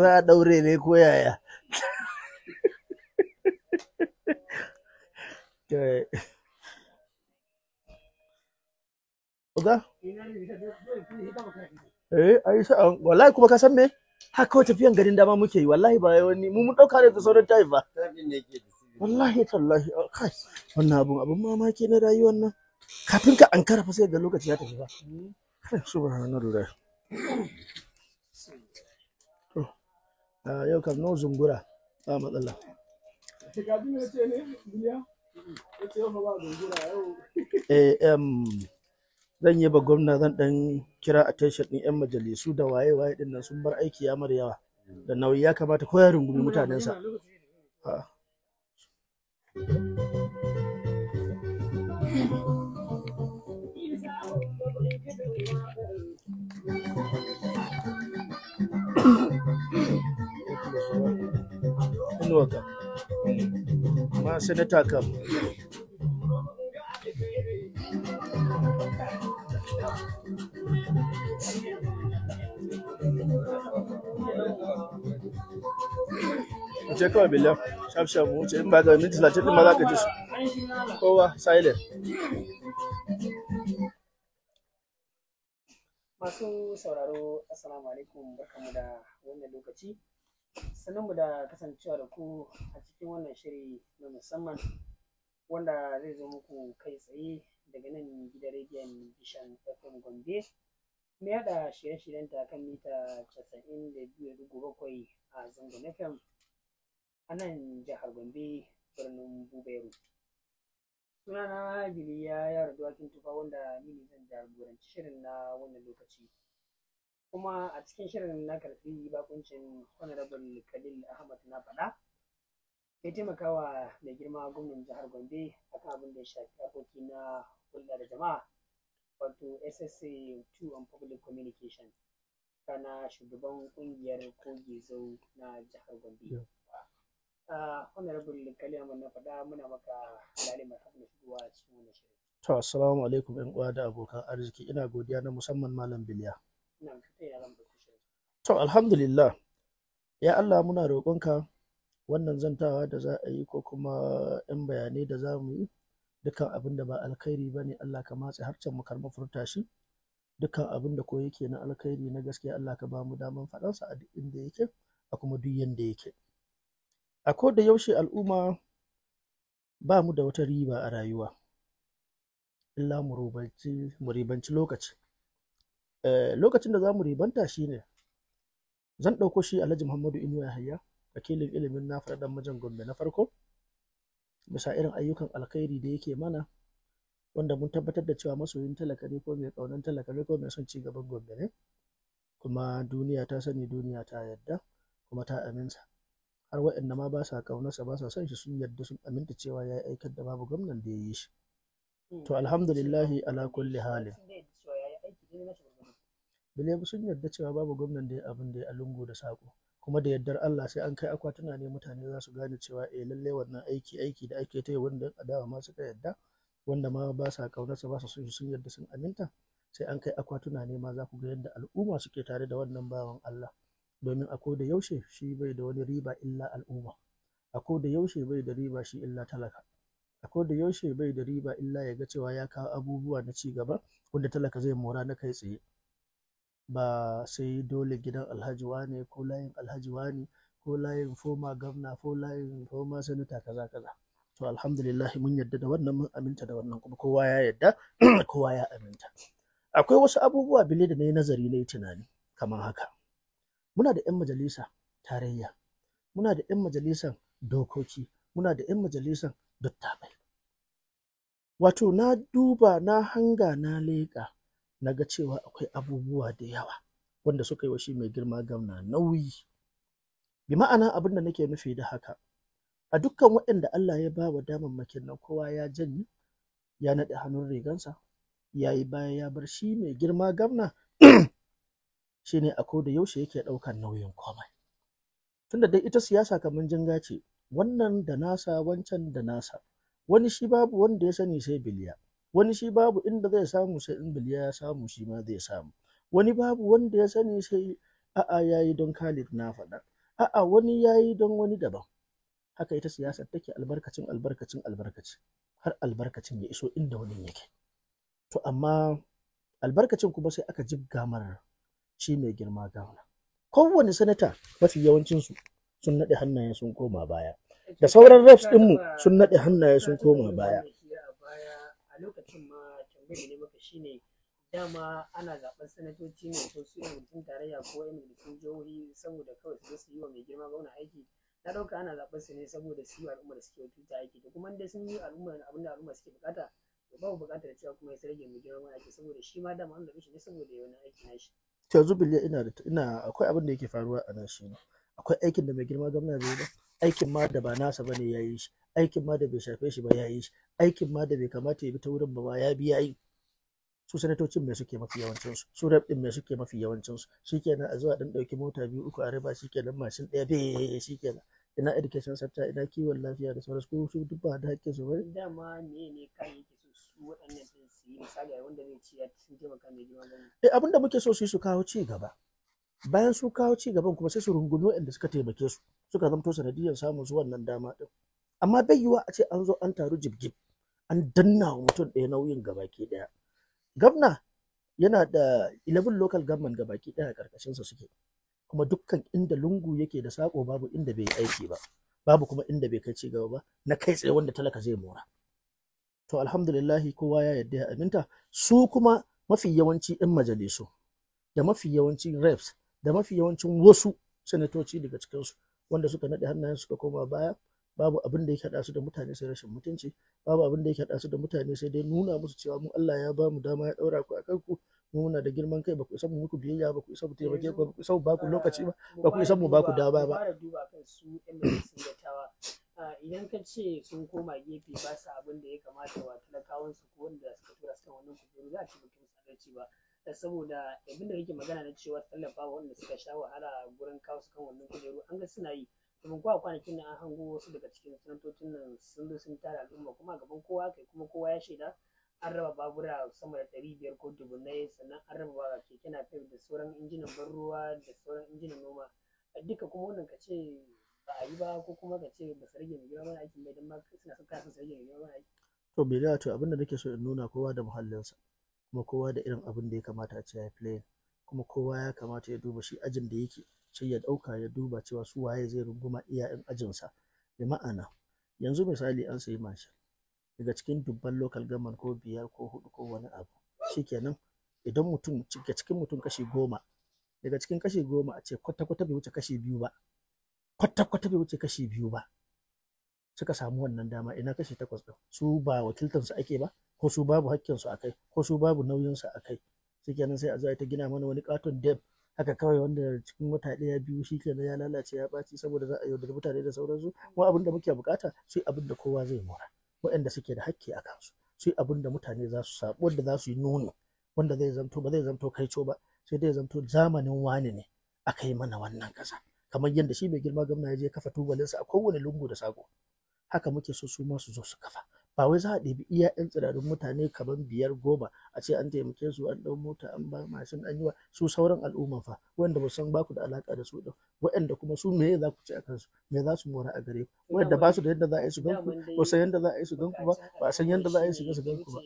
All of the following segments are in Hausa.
za a daure ne ko yaya Oga? Eh, ai sa'an wallahi kuma ka san me? Haka tafiyan garin dama muke yi wallahi ba wani mu mun dauka ne da sauran tayi ba. Wallahi tallahi oh, kai wannan abun abun mamaki na rayuwar nan. Kafin ka an fa sai ga lokaci ya tafi ba. Hmm. Subhanallah. Ah, yau kam no zungura ba matsala eh, zan yi ba gwamna zan dan kira attention ɗin yan majalisu da waye waye din nan sun bar aiki ya yawa da nauyi ya kamata ko ya rungumi mutanensa ah. inuwa kam ma sanata kam wuce kawai biliyan shaf shaf wuce in ba ka minti talatin ɗin ma za ka ji su kowa silent masu sauraro assalamu alaikum barkamu da wannan lokaci mu da kasancewa da ku a cikin wannan shiri na musamman wanda zai zo muku kai tsaye daga nan gidan rediyon bishan fm gombe mai yada shirye-shiryen ta kan mita 92.7 a zangon fm a nan jihar gombe birnin buberu sunana biliya yara dawakin tufa wanda ni zan jagoranci shirin na wannan lokaci kuma a cikin shirin na karfi bakuncin honorable khalil ahmad na faɗa ya taimaka wa mai girma gwamnan jihar gombe akan abin da ya shafi harkoki na hulɗa jama'a wato ssa 2 on public communication kana shugaban ƙungiyar kogi zau na jihar gombe honorable khalil ahmad na faɗa muna maka lalimar hafin shigowa cikin wannan shirin to assalamu alaikum yan uwa da abokan arziki ina godiya na musamman malam biliya To alhamdulillah ya Allah muna roƙonka wannan zantawa da za a yi ko kuma ‘yan bayanai da za mu yi dukan abin da ba alkhairi ba ne Allah ka matse harcen mu karɓi furta shi dukan abin da ko yake na alkhairi na gaskiya Allah ka ba mu daman faɗansa a duk inda yake a kuma duk yanda yake. A ko da yaushe al'umma ba mu da wata riba a rayuwa illa mu ribanci lokaci Eh, lokacin da za mu ribanta shi ne zan ɗauko shi alhaji muhammadu inuwa yahaya wakilin ilimin na dan mijin gombe na farko bisa irin ayyukan alkhairi da yake mana wanda mun tabbatar da cewa masoyin talaka ne ko mai ƙaunar talaka ne ko mai son cigaban gombe ne kuma duniya ta sani duniya ta yadda kuma ta aminta har waɗanda ma ba sa kaunarsa ba sa son shi sun yadda sun aminta cewa ya yi aikar da babu gwamnan da ya yi shi to alhamdulillahi ala kulli halin Bilebu sun yarda cewa babu gwamnan da ya abin da ya lungu da sako. kuma da yardar Allah sai an kai akwatuna ne mutane za su gane cewa eh lallai wannan aiki aiki da ake ta yi wanda yan adawa ma suka yarda wanda ma ba sa kaunarsa ba su shi sun yarda sun aminta sai an kai akwatuna ne ma za ku ga yadda al'umma suke tare da wannan bawan Allah domin a da yaushe shi bai da wani riba illa al'umma a da yaushe bai da riba shi illa talaka a da yaushe bai da riba illa ya ga cewa ya kawo abubuwa na ci gaba wanda talaka zai mora na kai tsaye ba sai dole gidan alhaji wane ko layin alhaji wane ko layin foma gwamna ko layin foma sanata kaza kaza to alhamdulillah mun yarda da wannan mun aminta da wannan kuma kowa ya yarda kowa ya aminta akwai wasu abubuwa bile da na yi nazari nayi tunani kamar haka muna da 'yan majalisa tarayya muna da 'yan majalisan dokoki muna da 'yan majalisan dattabai Wato na duba na hanga na leƙa na ga cewa akwai abubuwa da yawa wanda suka yi wa shi mai girma gamna nauyi. Bi ma'ana abin da nake nufi da haka, a dukkan waɗanda Allah ya ba wa damammakin nan kowa ya janye, ya naɗe hannun rigansa, ya yi baya ya bar shi mai girma gamna shine ne a koda yaushe yake ɗaukan nauyin komai. Tunda dai ita siyasa kamar jinga ce, wannan da nasa wancan da nasa. wani shi babu wanda ya sani sai biliya wani shi babu inda zai samu sai in biliya ya samu shi ma zai samu wani babu wanda ya sani sai a'a yayi don Khalid na faɗa a'a wani yayi don wani daban haka ita siyasar take albarkacin albarkacin albarkaci har albarkacin ya iso inda wani yake to amma albarkacin kuma sai aka jibga marar shi mai girma gawuna kowane sanata mafi yawancinsu sun naɗe hannayen sun koma baya da sauran refs ɗinmu sun naɗe hannaye sun koma baya dama ana zaɓen sanatoci ne ko su yin mutum tarayya ko ana su ne saboda su yi da suke tuta aiki da kuma da sun yi abin da al'umma suke kuma ya mai shi ma dama an zaɓe shi ne saboda ya aiki na shi. to yanzu biliya ina da ina akwai abin da yake faruwa a nan shi akwai aikin da mai girma gwamna zai yi aikin ma da ba nasa bane ya yi shi aikin ma da bai shafe shi ba ya yi shi aikin ma da bai kamata ya bi ta wurin ba ya bi ya yi su sanatocin mai suke mafi yawancin su su mai din suke mafi yawancin su shikenan a zuwa dan dauki mota biyu uku a riba shikenan mashin daya be shikenan ina education sector ina kiwon lafiya da sauransu su duk ba da hakkin su bane dama me ne kai yake so su waɗannan din su yi misali a wanda zai ci ya sun taimaka mai girma gani eh abinda muke so su yi su kawo ci gaba bayan su kawo ci gaban kuma sai su rungumi waɗanda suka taimake su suka zamto sanadiyar samun su wannan dama ɗin. amma bai yiwa a ce an zo an taru jibgib an danna wa mutum ɗaya nauyin gabaki ɗaya gwamna yana da 11 local government gabaki ɗaya a sa suke kuma dukkan inda lungu yake da sako babu inda bai aiki ba babu kuma inda bai kai cigaba ba na kai tsaye wanda talaka zai mora to alhamdulillahi kowa ya yarda ya aminta su kuma mafi yawanci 'yan majalisu da mafi yawancin reps da mafi yawancin wasu sanatoci daga cikinsu wanda suka naɗe hannayen suka koma baya babu abin da ya haɗa su da mutane sai rashin mutunci babu abin da ya haɗa su da mutane sai dai nuna musu cewa mu Allah ya ba mu dama ya ɗaura ku a kanku mu muna da girman kai ba ku isa muku biyayya ba ku isa mu taimake ku ba ku isa mu ba ku lokaci ba ba ku isa mu ba ku dama ba ah, idan ka ce sun koma gefe ba su abin da ya kamata wa talakawansu ko wanda suka tura suka wannan kujeru za a ci mutum sadarci ba saboda abin da yake magana na cewa tallafa wa wanda suka sha wahala gurin kawo su kan wannan kujeru an ga suna yi domin kowa kwanakin nan an hango wasu daga cikin sanatocin nan sun zo sun tara al'umma kuma gaban kowa kai kuma kowa ya shaida an raba babura sama da ɗari biyar ko dubunnai sannan an raba keke napep da sauran injinan ban ruwa da sauran injinan noma duka kuma wannan ka ce ba a yi ba ko kuma ka ce ba su rage mai girman aikin mai don ma suna son kasa su rage mai girman aikin. to bai da to abinda nake so in nuna kowa da muhallinsa. kuma kowa da irin abin da ya kamata a ce ya playing kuma kowa ya kamata ya duba shi ajin da yake sai ya ɗauka ya duba cewa su waye zai runguma iya ajinsa bi ma'ana yanzu misali an sayi mashin daga cikin dubban local government ko biyar ko hudu ko wani abu shikenan idan mutum daga cikin mutum kashi goma daga cikin kashi goma a ce kwata-kwata bai wuce kashi biyu ba kwata-kwata bai wuce kashi biyu ba suka samu wannan dama ina kashi takwas ɗin su ba wakiltansu ake ba ko su babu hakkinsu a kai ko su babu nauyinsu a kai shikenan sai a zo ta gina mana wani katon dam haka kawai wanda cikin wata ɗaya biyu shi kenan ya lalace ya ɓaci saboda za a yaudari mutane da sauransu kuma abin da muke bukata sai abin da kowa zai mora waɗanda suke da hakki a kansu sai abin da mutane za su samu wanda za su yi nuni wanda zai zamto ba zai zamto kaico ba sai dai zamto zamanin wani ne aka yi mana wannan kasa kamar yadda shi mai girma gwamna ya je kafa tubalinsa a kowane lungu da sako haka muke so su ma su zo su kafa ba wai za a ɗebi iya yan tsirarun mutane kaman biyar goma a ce an taimake su an ɗau mota an ba mashin an yi wa su sauran al'umma fa wanda ba san ba ku da alaƙa da su ɗin waɗanda kuma su me za ku ci a kansu me za su mora a gare ku waɗanda ba su da yadda za a yi su ganku ba san yadda za a yi su ganku ba ba san yadda za a yi su gansu ganku ba.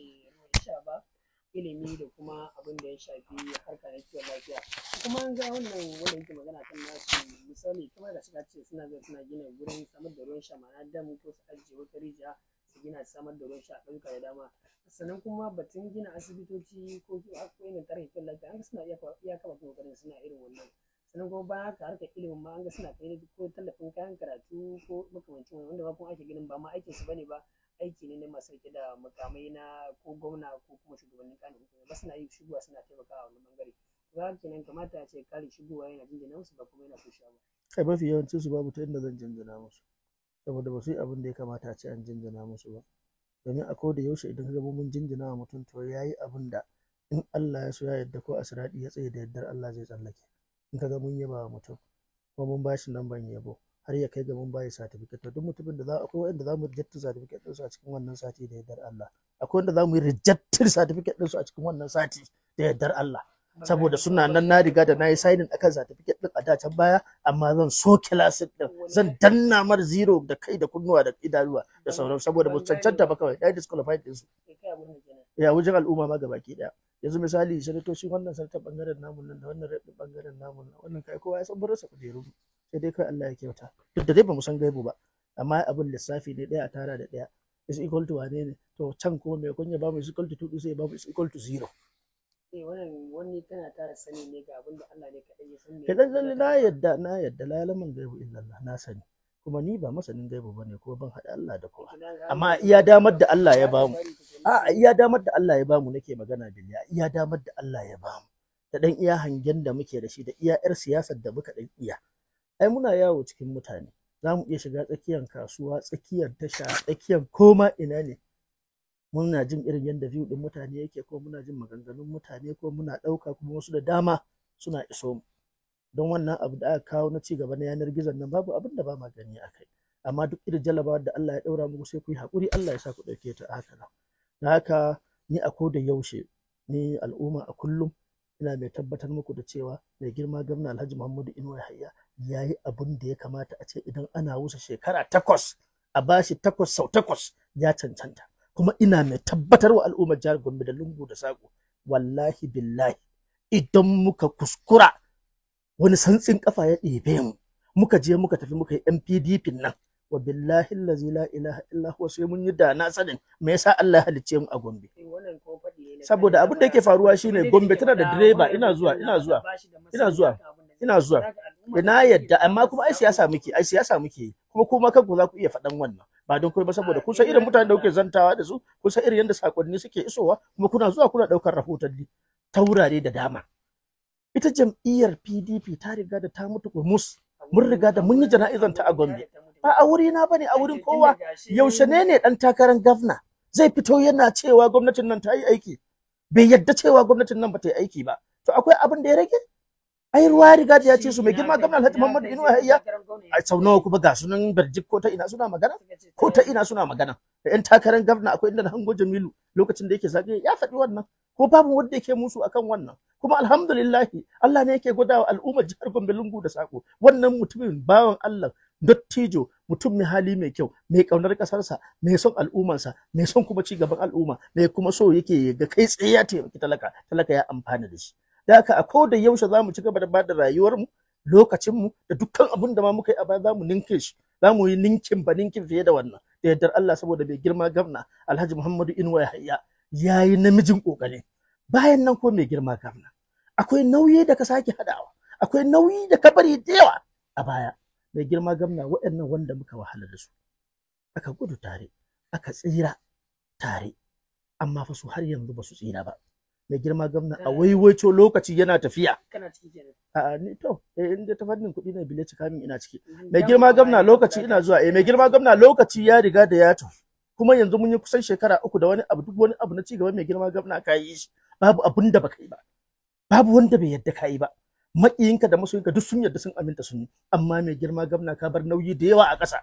ilimi da kuma abin da ya shafi harka na kiwon lafiya kuma an ga wannan wanda yake magana kan nasu misali kamar da suka ce suna suna gina gurin samar da ruwan sha ma'ana dam ko su ajiye wata rijiya yana samar da ruwan sha a ƙauyuka da dama sannan kuma batun gina asibitoci ko irin tarihin lafiya an ga suna iya kama kokarin suna irin wannan sannan kuma ba haka harkar ilimin ma an ga suna kai ko tallafin kayan karatu ko makamancin wanda ba kuma ake ganin ba ma su bane ba aiki ne na masu rike da makamai na ko gwamna ko kuma shugabannin kanin hukuma ba suna yi shigowa suna taimakawa wannan bangare za kenan kamata a ce kare shigowa yana jinjina musu ba kuma yana kushewa ba kai mafi yawancin su babu ta inda zan jinjina musu saboda ba su yi abin da ya kamata a ce an jinjina musu ba domin a da yaushe idan ka mun jinjina wa mutum to ya yi abin da in Allah ya so ya yarda ko asiradi ya tsaye da yardar Allah zai tsallake in ka ga mun yaba wa mutum ko mun ba shi lamban yabo har ya kai ga mun bayi certificate to duk mutumin da za akwai wanda za mu rejectin certificate ɗinsu a cikin wannan sati da yardar Allah akwai wanda za mu yi rijattar certificate ɗinsu a cikin wannan sati da yardar Allah saboda suna nan na riga da na yi signing akan certificate din a da can baya amma zan so classic din zan danna mar zero da kai da kunnuwa da idanuwa da sauran saboda mu cancanta ba kawai dai disqualified din su ya wajen al'umma ma gabaki daya yanzu misali sanatoci wannan sanatar bangaren namun nan da wannan rabin bangaren namun nan wannan kai kowa ya san burinsa kujeru sai dai kai Allah ya kyauta duk da dai ba mu san gaibu ba amma abin lissafi ne daya a tara da daya is equal to wane ne to can ko mai kun ya bamu is equal to 2 sai mu is equal to 0 Eh, wani tana tara sani ne ga abin da Allah ne na yadda na yadda illallah na sani kuma ni ba masanin gaibu ne kuma ban haɗa Allah da kowa amma iya damar da Allah ya bamu a iya damar da Allah ya bamu nake magana da ya iya damar da Allah ya bamu da ɗan iya hangen da muke da shi da iya yar siyasar da muka ɗan iya ai muna yawo cikin mutane za mu iya shiga tsakiyar kasuwa tsakiyar tasha tsakiyar koma ina ne muna jin irin yadda view din mutane yake ko muna jin maganganun mutane ko muna ɗauka kuma wasu da dama suna iso mu don wannan abu da aka kawo na cigaba na yanar gizon nan babu abin da ba ma gani a kai amma duk irin jalabawar da Allah ya ɗaura muku sai ku yi haƙuri Allah ya sa ku ɗauke ta haka nan da haka ni a koda yaushe ni al'umma a kullum ina mai tabbatar muku da cewa mai girma gwamna Alhaji Muhammadu Inuwa Hayya ya yi abin da ya kamata a ce idan ana wusa shekara takwas a bashi takwas sau takwas ya cancanta kuma ina mai tabbatar wa al'ummar jihar Gombe da lungu da sako wallahi billahi idan muka kuskura wani santsin kafa ya ɗebe mu muka je muka tafi muka yi MPDP nan wa billahi allazi la ilaha illa huwa sai mun yi da na sanin me yasa Allah ya halicce mu a Gombe eh, saboda abin da yake faruwa shine Gombe tana da direba ina zuwa ina zuwa ina zuwa ina zuwa ina yadda amma kuma ai siyasa muke ai siyasa muke kuma kuma kanku za ku iya faɗan wannan ba don kai ba saboda kun san irin mutane da kuke zantawa da su kun san irin yanda sakonni suke isowa kuma kuna zuwa kuna daukar rahotanni ta wurare da dama ita jam'iyyar PDP ta riga da ta mutu mus mun riga da mun yi jana'izan ta a Gombe ba a wuri na bane a wurin kowa yaushe ne ne dan takarar gwamna zai fito yana cewa gwamnatin nan ta yi aiki bai yadda cewa gwamnatin nan ba ta yi aiki ba to akwai abin da ya rage ai ruwa riga ya ce su mai girma gwamnati Alhaji Muhammadu Inuwa Hayya a sau nawa kuma ga sunan Barjik ko ta ina suna magana ko ta ina suna magana da yan takarar gamna akwai inda na hango Jamilu lokacin da yake zage ya faɗi wannan ko babu wanda yake musu akan wannan kuma alhamdulillah Allah ne yake wa al'ummar jihar Gombe lungu da sako wannan mutumin bawan Allah dattijo mutum mai hali mai kyau mai kaunar kasarsa mai son al'ummarsa mai son kuma ci gaban al'umma mai kuma so yake ga kai tsaye ya taimaki talaka talaka ya amfana da shi da haka a da yaushe za mu ci gaba da bada lokacin mu, da dukkan abun da ma muka yi a baya za mu ninke shi za yi ninkin ba ninkin fiye da wannan da yardar Allah saboda bai girma gamna Alhaji Muhammadu Inuwa Yahaya ya yi namijin kokari bayan nan ko mai girma gamna akwai nauyi da ka sake hadawa akwai nauyi da ka bari da yawa a baya mai girma gamna waɗannan wanda muka wahala da su aka gudu tare aka tsira tare amma fa su har yanzu ba su tsira ba mai girma gwamna a eh. waiwaito lokaci yana tafiya a ni to eh inda ta fannin kuɗi ne bile ci kamin ina ciki mhm. mai girma gwamna lokaci ina zuwa eh mai girma gwamna lokaci ya riga da ya to kuma yanzu mun yi kusan shekara uku da wani abu duk wani abu na ci gaba mai girma gwamna ka yi shi babu abun da baka yi ba babu wanda bai yadda ka yi ba maƙiyinka da masoyinka duk sun yadda sun aminta sun yi amma mai girma gwamna ka bar nauyi da yawa a ƙasa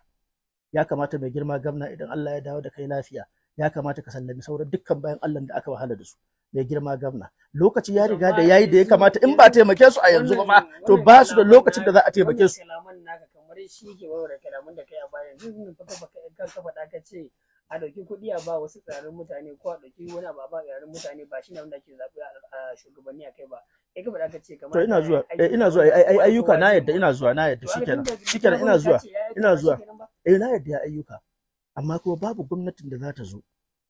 ya kamata mai girma gwamna idan Allah ya dawo da kai lafiya ya kamata ka sallami sauran dukkan bayan Allah da aka wahala da su mai girma gwamna lokaci ya riga da yayi da ya kamata in ba taimake su a yanzu ba ma to ba su da lokacin da za a taimake su kamar shi ke warware kalaman da kai a baya yanzu fata baka kan ka faɗa ka ce a ɗauki kuɗi a ba wasu tsarin mutane ko a ɗauki wani ba ba tsirarin mutane ba shi ne wanda ke zaɓi a shugabanni a kai ba kai ka faɗa ka ce kamar to ina zuwa eh, ina zuwa ai ayyuka na yadda ina zuwa na yadda shikenan shikenan ina zuwa ina zuwa eh na yadda ayyuka amma kuma babu gwamnatin da za ta zo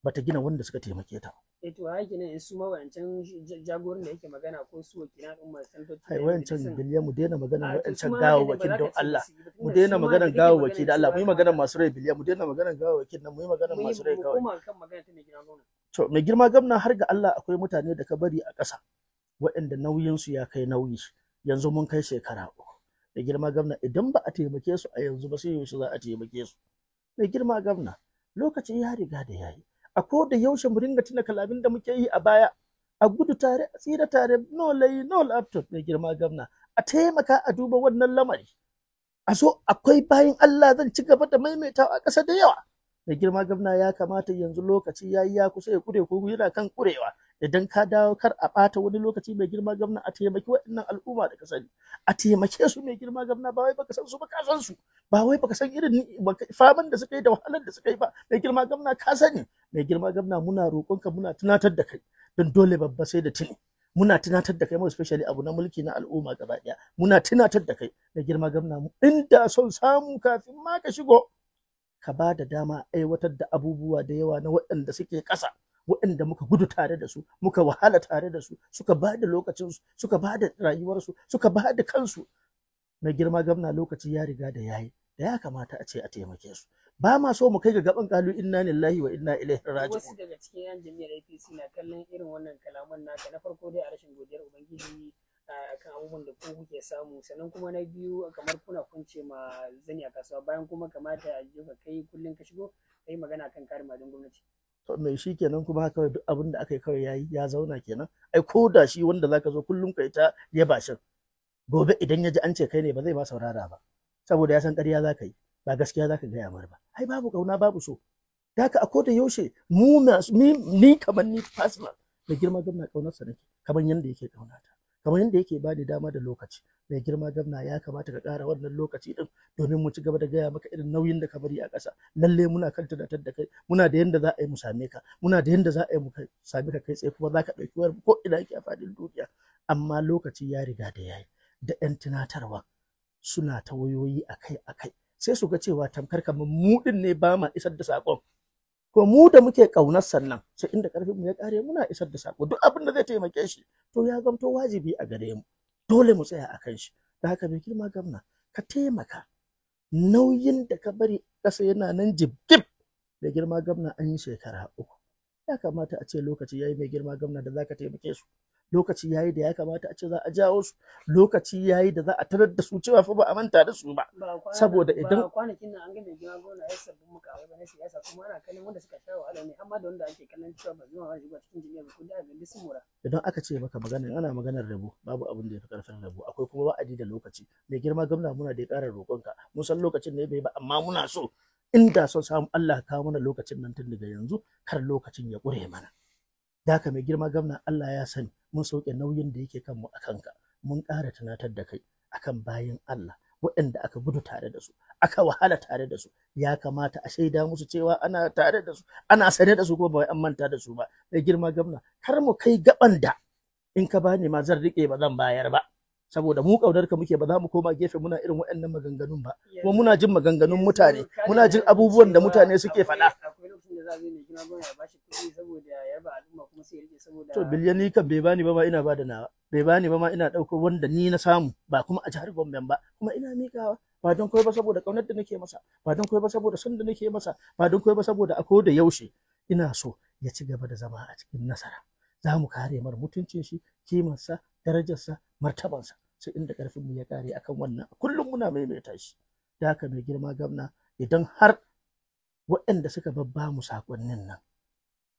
ba ta gina wanda suka taimake ta eh to haka ne su ma wayancan jagoran da yake magana ko su wakilan umma santoci ai wayancan biliya mu daina ah, magana wayancan gawawwakin don Allah mu daina magana gawo gawawwaki da Allah mu yi magana masu rai biliya mu daina magana gawo gawawwakin nan mu yi magana masu rai kawai kuma kan magana ta mai girma gwamna to mai girma gwamna har ga Allah akwai mutane da ka bari a ƙasa waɗanda nauyinsu ya kai nauyi yanzu mun kai shekara uku da girma gwamna idan ba a taimake su a yanzu ba sai yaushe za a taimake su mai girma gwamna lokaci ya riga da yayi a ko da yaushe mu ringa tuna kalamin da muke yi a baya a gudu tare a tsira tare no layi no laptop mai girma gwamna a taimaka a duba wannan lamari a so akwai bayan Allah zan ci gaba da maimaitawa a ƙasa da yawa mai girma gwamna ya kamata yanzu lokaci yayi ya kusa ya kure ko yana kan kurewa idan ka dawo kar a ɓata wani lokaci mai girma gwamna a taimaki waɗannan al'umma da ka sani a taimake su mai girma gwamna ba wai baka san su ba ka san su ba wai baka san irin faman da suka yi da wahalar da suka yi ba mai girma gwamna ka sani mai girma gwamna muna roƙonka muna tunatar da kai don dole babba sai da tuni muna tunatar da kai mu especially abu na mulki na al'umma gaba ɗaya muna tunatar da kai mai girma gwamna mu inda son samu kafin ma ka shigo ka ba da dama aiwatar da abubuwa da yawa na waɗanda suke ƙasa waɗanda muka gudu tare da su muka wahala tare da su suka ba da lokacinsu suka ba da rayuwarsu suka ba da kansu na girma gamna lokaci ya riga da yayi da ya kamata a ce a taimake su ba ma so mu kai ga gaban kalu inna lillahi wa inna ilaihi raji'un wasu daga cikin yan jami'ar APC na kallon irin wannan kalaman naka na farko dai a rashin godiyar ubangiji akan abubuwan da ku kuke samu sannan kuma na biyu kamar kuna kunce ma zani a kasuwa bayan kuma kamata a ka kai kullum ka shigo kai magana kan kare madin gwamnati to mai shi kenan kuma haka duk abin da aka yi kawai yayi ya zauna kenan ai ko da shi wanda zaka zo kullum kai ta ya bashin gobe idan ya ji an ce kai ne ba zai ba saurara ba saboda ya san ƙarya zaka yi ba gaskiya zaka gaya mar ba ai babu kauna babu so da haka a koda yaushe mu ni kamar ni personal da girma kaunar sa nake kamar yanda yake kaunata kamar yadda yake ba da dama da lokaci mai girma gamna ya kamata ka kara wannan lokaci din domin mu ci gaba da gaya maka irin nauyin da ka bari a ƙasa lalle muna kan tunatar da kai muna da yadda za a yi mu same ka muna da yadda za a yi mu same ka kai tsaye kuma za ka ɗauki wani ko ina ake a faɗin duniya amma lokaci ya riga da yayi da 'yan tunatarwa suna ta wayoyi akai-akai sai su ga cewa tamkar kamar mu ne ba ma isar da saƙon ko mu da muke kaunar sannan sai inda karfin mu ya kare muna isar da sako duk abin da zai taimake shi to ya zamto wajibi a gare mu dole mu tsaya akan shi da haka mai girma gamna ka taimaka nauyin da ka bari kasa yana nan jibgib da girma gamna an yi shekara uku ya kamata a ce lokaci ya yi mai girma gamna da za ka taimake su lokaci yayi da ya kamata a ce za a jawo su lokaci yayi da za a tarar da su cewa fa ba a manta da su ba saboda idan kwanakin nan an ga mai gina gona ya sabbin muka a wajen siyasa kuma ana kallon wanda suka sha wahala ne amma da wanda ake kallon cewa ba zuwa wani cikin jami'a ko da ga sun mura idan aka ce maka magana ana maganar rabo babu abin da ya fi karfin rabo akwai kuma wa'adi da lokaci mai girma gwamna muna da ya ƙara roƙonka mun san lokacin ne bai ba amma muna so inda son samu Allah ta kawo mana lokacin nan tun daga yanzu kar lokacin ya ƙure mana da haka mai girma gwamna Allah ya sani mun sauke nauyin da yake kanmu a kanka mun ƙara tunatar da kai akan bayin Allah waɗanda aka gudu tare da su aka wahala tare da su ya kamata a shaida musu cewa ana tare da su ana sane da su kuma ba an manta da su ba mai girma gwamna kar mu kai gaban da in ka bani ma zan rike ba zan bayar ba saboda mu kaunar ka muke ba za mu koma gefe muna irin waɗannan maganganun ba kuma muna jin maganganun mutane muna jin abubuwan da mutane suke faɗa da za a zo mai gwamna ya bashi kuɗi saboda ya yaba al'umma kuma sai ya rike saboda to biliyan kan bai bani ba ma ina bada nawa bai bani ba ma ina ɗauko wanda ni na samu ba kuma a jihar Gombe ba kuma ina miƙawa ba don koyi ba saboda ƙaunar da nake masa ba don koyi ba saboda son da nake masa ba don koyi ba saboda a da yaushe ina so ya ci gaba da zama a cikin nasara za mu kare mar mutuncin shi kimarsa darajarsa martabansa sai inda ƙarfin mu ya kare akan wannan kullum muna maimaita shi da haka mai girma gamna idan har waɗanda suka babba mu sakonnin nan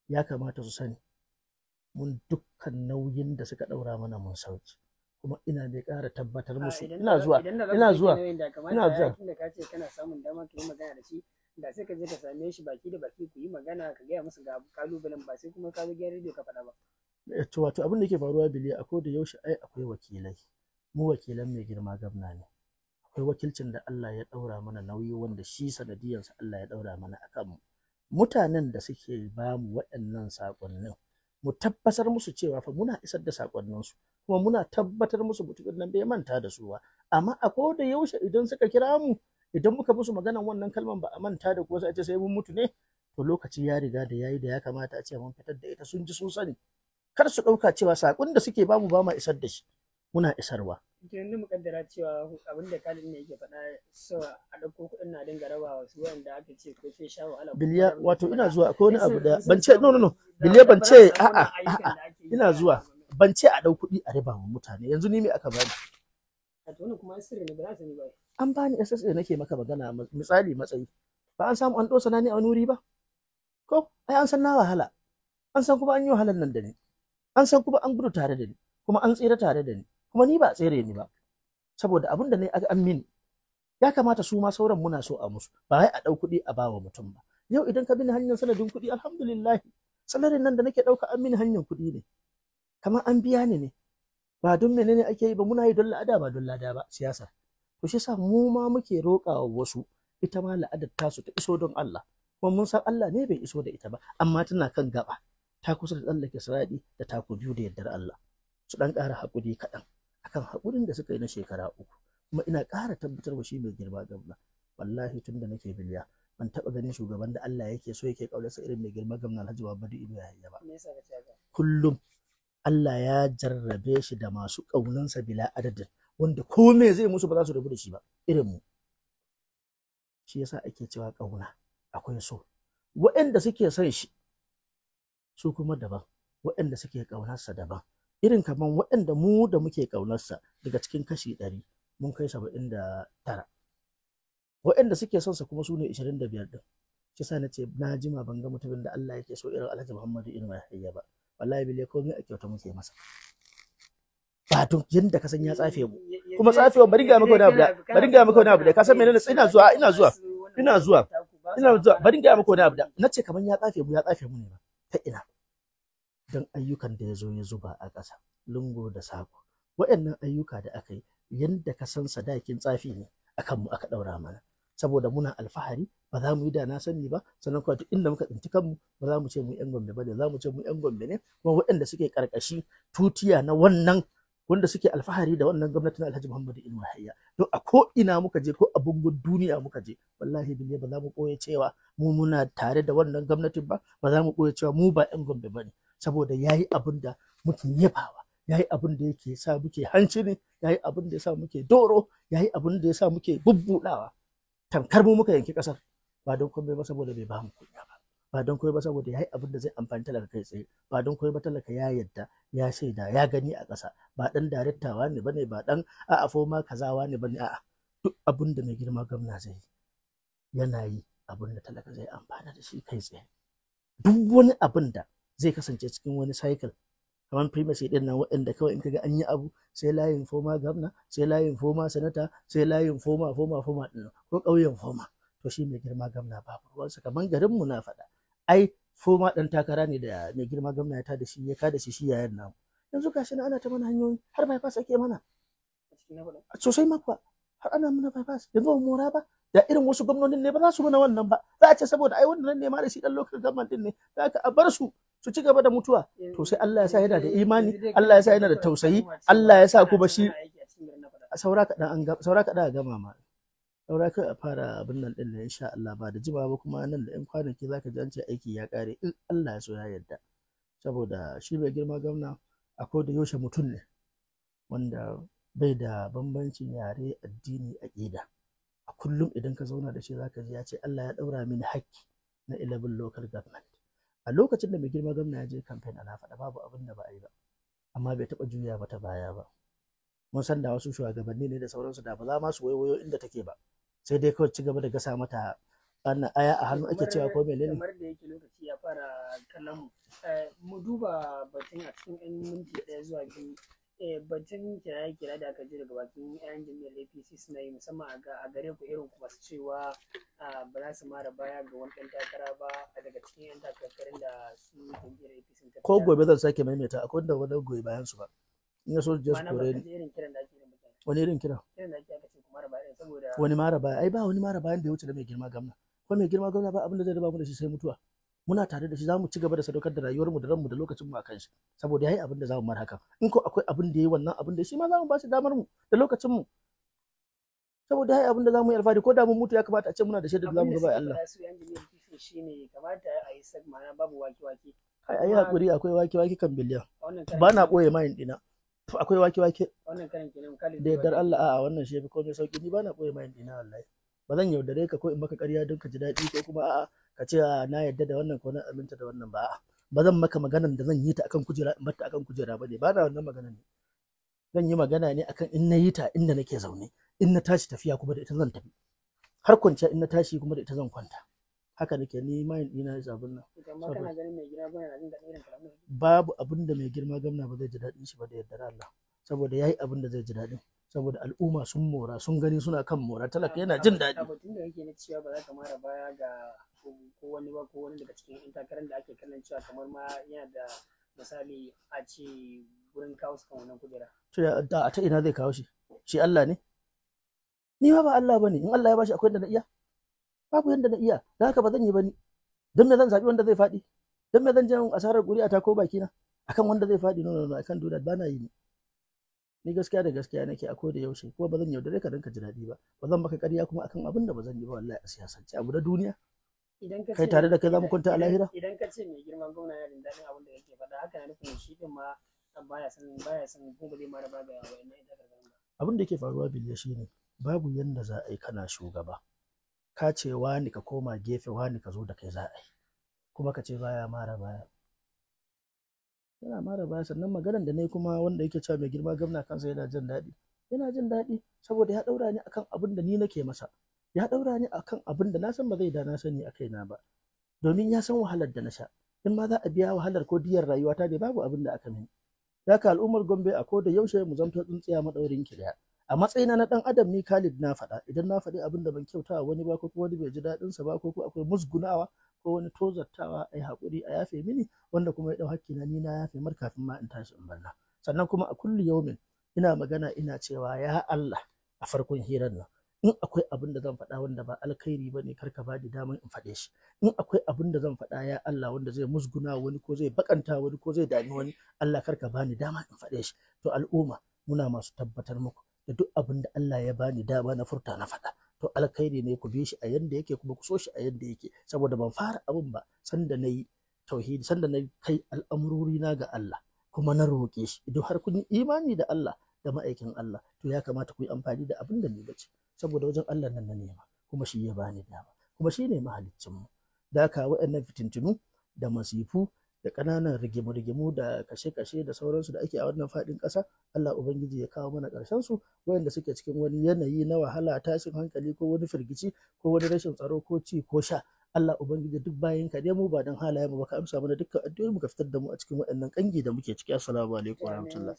ya kamata su sani mun dukkan nauyin da suka ɗaura mana mun sauki kuma ina mai ƙara tabbatar musu ina zuwa ina zuwa ina zuwa inda ka ce kana samun dama ka yi magana da shi da sai ka je ka same shi baki da baki ku yi magana ka gaya musu ga kalubalen ba sai kuma ka zo gyara rediyo ka faɗa ba eh, wato abin da yake faruwa biliya ko da yaushe ai akwai wakilai mu wakilan mai girma gabna ne akwai wakilcin da Allah ya ɗaura mana nauyi wanda shi sanadiyarsa Allah ya ɗaura mana a kanmu mutanen da suke ba mu waɗannan saƙonnin mu tabbatar musu cewa fa muna isar da saƙonninsu kuma muna tabbatar musu mutumin nan bai manta da su ba amma a ko da yaushe idan suka kira mu idan muka musu maganan wannan kalmar ba a manta da kuwa sai a ce sai mun mutu ne to lokaci ya riga da yayi da ya kamata a ce mun fitar da ita sun ji sun sani kar su ɗauka cewa saƙon da suke bamu ba ma isar da shi muna isarwa yanzu mukaddara cewa abin da kalin ne yake faɗa so a ɗauko kuɗin na dinga raba wa su wanda aka ce ko sai sha wahala biliya wato ina zuwa ko wani abu da ban ce no no no biliya ban ce ina zuwa ban ce a ɗau kuɗi a riba wa mutane yanzu ni me aka bani an bani SS nake maka magana misali matsayi ba an samu an ɗosa na a wani wuri ba ko ai an san na wahala an san kuma an yi wahalan nan da ni an san kuma an gudu tare da ni kuma an tsira tare da ni kuma ni ba a tsere ni ba saboda abin da ne an min ya kamata su ma sauran muna so a musu ba wai a ɗau kuɗi a bawa mutum ba yau idan ka bi hanyar sanadin kuɗi alhamdulillah salarin nan da nake ɗauka an min hanyar kuɗi ne kamar an biya ni ne ba don menene ake yi ba muna yi don la'ada ba don lada ba siyasa to shi yasa mu ma muke roƙawa wasu ita ma la'adar tasu ta iso don Allah kuma mun san Allah ne bai iso da ita ba amma tana kan gaba ta kusa da tsallake siradi da ta ku biyu da yardar Allah su dan ƙara hakuri kaɗan akan haƙurin da suka yi na shekara uku kuma ina ƙara tabbatar wa shi mai girma gamna wallahi tun da nake biliya ban taɓa ganin shugaban da Allah yake so yake sa irin mai girma gamna Alhaji Babadu Ido ya ba kullum Allah ya jarrabe shi da masu ƙaunansa bila adadin wanda kome zai musu ba za su rabu da shi ba irin mu shi yasa ake cewa ƙauna akwai so waɗanda suke son shi su kuma daban waɗanda suke ƙaunarsa daban irin kamar waɗanda mu da muke ƙaunarsa daga cikin kashi ɗari mun kai saba'in da tara waɗanda suke son sa kuma su ne ishirin da biyar ɗin shi sa na ce na jima ban ga mutumin da Allah yake so irin Alhaji Muhammadu ya Yahya ba wallahi bile komai a kyauta muke masa ba to yadda ka san ya tsafe mu kuma wa bari ga maka wani abu da bari ga maka wani abu da ka san menene ina zuwa ina zuwa ina zuwa ina zuwa bari ga maka wani abu da nace kaman ya tsafe mu ya tsafe mu ne ba ta ina don ayyukan da ya zo ya zuba a ƙasa lungu da sako waɗannan ayyuka da aka yi yadda ka san sadakin tsafi ne akan mu aka ɗaura mana saboda muna alfahari ba za mu yi da na sani ba sannan kuma duk inda muka tsinci kanmu ba za mu ce mu yan gombe ba ne za mu ce mu yan gombe ne kuma waɗanda suke karkashi tutiya na wannan wanda suke alfahari da wannan gwamnatin Alhaji Muhammadu Inuwa Hayya to a ko ina muka je ko a bungun duniya muka je wallahi bile ba za mu koye cewa mu muna tare da wannan gwamnatin ba ba za mu koye cewa mu ba yan gombe ba ne saboda ya yi abin da muke yabawa ya yi abin da yake sa muke hancini ya yi abin da ya sa muke doro ya yi abin da ya sa muke bubbudawa tamkar mu muka yanki ƙasar ba don komai ba saboda bai ba mu kunya ba ba don komai ba saboda ya yi abin da zai amfani talaka kai tsaye ba don komai ba talaka ya yadda ya shaida ya gani a ƙasa ba ɗan darittawa ne bane ba ɗan a'a foma kazawa ne bane a'a duk abin da mai girma gwamna zai yi yana yi abin da talaka zai amfana da shi kai tsaye duk wani abin da zai kasance cikin wani cycle kamar primacy din nan waɗanda kawai in kaga an yi abu sai layin foma gwamna sai layin foma sanata sai layin foma foma foma din ko ƙauyen foma to shi mai girma gwamna babu ruwansa kamar garin mu na faɗa ai foma ɗan takara ne da mai girma gwamna ya tada shi ya kada shi shi yayin namu yanzu gashi ana ta mana hanyoyi har bypass ake mana sosai makwa har ana mana bypass yanzu ba mora ba da irin wasu gwamnonin ne ba za su mana wannan ba za a ce saboda ai wannan ne ma da shi dan lokacin gwamnan din ne za ka a bar su su ci gaba da mutuwa to sai Allah ya sa yana da imani Allah ya sa yana da tausayi Allah ya sa kuma shi saura kaɗan saura kaɗan a gama ma saura kai a fara abin nan ɗin nan insha Allah ba da jima ba kuma nan da ƴan kwanaki zaka ji an aiki ya kare. in Allah ya so ya yarda saboda shi mai girma gwamna akwai da yaushe mutum ne wanda bai da bambancin yare addini aƙida a kullum idan ka zauna da shi zaka ji ya ce Allah ya ɗaura mini hakki na 11 local government a lokacin da mai girma gwamna ya je kamfen ana faɗa babu abin da ba a yi ba amma bai taɓa juya mata baya ba mun san da wasu shugabanni ne da sauransu da ba za ma su waiwayo inda take ba sai dai kawai ci gaba da gasa mata wannan aya a hannu ake cewa ko menene kamar da yake lokaci ya fara kallon mu eh, duba batun a cikin 'yan minti ɗaya zuwa biyu Eh, batun kiraye kira da aka ji daga bakin 'yan jami'ar apc suna yi musamman a gare ku irin ku masu cewa ba za su mara baya ga wani ɗan takara ba daga cikin 'yan takarkarin da su jami'ar apc ta ko gobe zan sake maimaita akwai wanda wani goyi bayan su ba Ina so just kore ni wani irin kira wani mara baya ai ba wani mara bayan da ya wuce da mai girma gamna ko mai girma gamna ba abin da zai raba mu da shi sai mutuwa muna tare da shi za mu ci gaba da sadaukar da rayuwarmu da ranmu da lokacin mu akan shi saboda yayi abin da za mu mar haka in ko akwai abin da yayi wannan abin da shi ma za mu ba shi damar mu da lokacin mu saboda yayi abin da za mu yi alfahari ko da mun mutu ya kamata a ce muna da shaidar da za mu gaba Allah shine kamata a yi sagma na babu ai ai hakuri akwai wake wake kan biliya ba na boye mayin dina akwai wake wake wannan karin kenan da yardar Allah a'a wannan shi yafi komai sauki ni ba na boye mayin dina wallahi ba zan yaudare ka ko in maka ƙarya don ka ji daɗi ko kuma a'a ka ce ah, na yadda da wannan ko na aminta da wannan ba ba zan maka maganan da zan yi ta akan kujera in ta akan kujera ba ne ba na wannan magana ne zan yi magana ne akan in na yi ta inda nake zaune in na tashi tafiya kuma da ita zan tafi har kwanciya in na tashi kuma da ita zan kwanta haka nake ni in dina ya abin nan babu abin da mai girma gwamna ba zai ji daɗin shi ba da yardar Allah saboda ya yi abin da zai ji daɗin saboda al'umma sun mora sun gani suna kan mora talaka yana jin daɗi batun da yake na cewa ba za ka mara baya ga ko wani ba ko wani daga cikin yan takarar da ake kallon cewa kamar ma yana da misali a ce gurin kawo su kan wannan kujera to da ta ina zai kawo shi shi Allah ne ni ma ba Allah bane in Allah ya bashi akwai yanda na iya babu yanda na iya da haka ba zan yi bane don me zan zabi wanda zai faɗi don me zan je asarar ƙuri'a ta ko baki na akan wanda zai faɗi no no no akan do ba na yi ne ni gaskiya da gaskiya nake a koda yaushe kuma bazan zan yaudare ka dan ka ji daɗi ba ba zan maka ƙarya kuma akan abin da ba zan yi ba wallahi a siyasance abu na duniya kai tare da kai za kwanta a lahira idan ka ce mai girman gwamna ya rinda daɗin abin da yake faɗa haka na nufin shi din ma baya san baya ko ba zai mara ka abin da yake faruwa biliya shine babu yanda za a yi kana shugaba ka ce wani ka koma gefe wani ka zo da kai za a yi kuma ka ce baya mara baya yana mara baya sannan maganan da na kuma wanda yake cewa mai girma gwamna kansa yana jin daɗi yana jin daɗi saboda ya ɗaura ni akan abin da ni nake masa ya ɗaura ni akan abin da na san ba zai da na sani a kaina ba domin ya san wahalar da na sha in ma za a biya wahalar ko diyar rayuwata ne babu abin da aka mini ya ka al'ummar gombe a ko da yaushe mu zamto tsuntsiya maɗaurin ki daya a matsayina na ɗan adam ni Khalid na faɗa idan na faɗi abin da ban kyauta wani ba ko kuma wani bai ji daɗin sa ba ko ko akwai musgunawa ko wani tozartawa a yi haƙuri a yafe mini wanda kuma ya ɗau hakkina ni na yafe mar kafin ma in tashi in barna sannan kuma a kulli yaumin ina magana ina cewa ya Allah a farkon hirar nan in akwai abin da zan faɗa wanda ba alkhairi ba ne karka ba da damar in faɗe shi in akwai abin da zan faɗa ya Allah wanda zai musguna wani ko zai bakanta wani ko zai dami wani Allah karka ba ni dama in faɗe shi to al'umma muna masu tabbatar muku da duk abin da Allah ya bani dama na furta na faɗa to alkhairi ne ku bi shi a yanda yake kuma ku so shi a yanda yake saboda ban fara abin ba sanda na yi tauhidi sanda na kai al'amurori na ga Allah kuma na roƙe shi idan har kun yi imani da Allah da ma'aikin Allah to ya kamata ku yi amfani da abin da ni bace saboda wajen Allah nan na nema kuma shi ya bani dama kuma shi ne mahaliccin mu da ka waɗannan fitintunu da masifu da ƙananan rigimu-rigimu da kashe-kashe da sauransu da ake a wannan faɗin ƙasa Allah Ubangiji ya kawo mana ƙarshen su wayanda suke cikin wani yanayi na wahala tashin hankali ko wani firgici ko wani rashin tsaro ko ci ko sha Allah Ubangiji duk bayan ka mu ba don halaye mu ba ka amsa mana dukkan addu'o'i mu ka fitar da mu a cikin waɗannan ƙangi da muke ciki assalamu alaikum warahmatullahi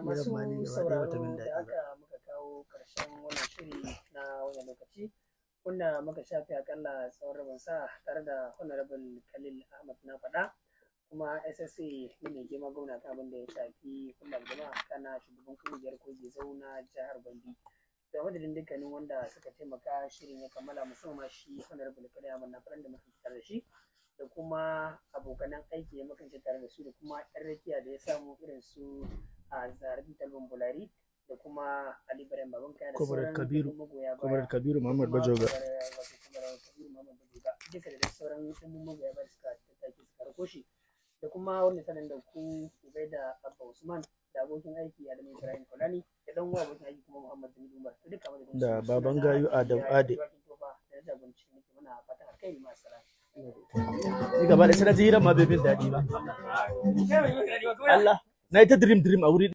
masu sauraro da aka muka kawo ƙarshen wannan shiri na wannan lokaci kuna muka shafi akalla tsawon rabin sa tare da honorable Khalil Ahmad na faɗa kuma ssa na mai girma gwamna ta abin da ya shafi kullum jama'a kana shugaban kungiyar kogi zauna jihar gombe da madadin dukkanin wanda suka taimaka shirin ya kammala musamman shi honorable kada amma na faran da muka tare da shi da kuma abokanan aiki ya makance tare da su da kuma yan rakiya da ya samu irin su a zarin talban bulari da kuma ali bayan baban kaya da sauran kabiru kabiru kabiru muhammad bajoga duka da sauran magoya ba suka tattaki suka rako shi da kuma wanda sanin da ku ubai da abba usman da abokin aiki adamu ibrahim kolani da dan uwa abokin aiki kuma muhammad bin umar da duka wani da baban gayu adam ade da jagoranci muke muna fata kai ma salama ni gaba da sanar hirar ma bai bin daɗi ba Allah na yi ta dream dream a wuri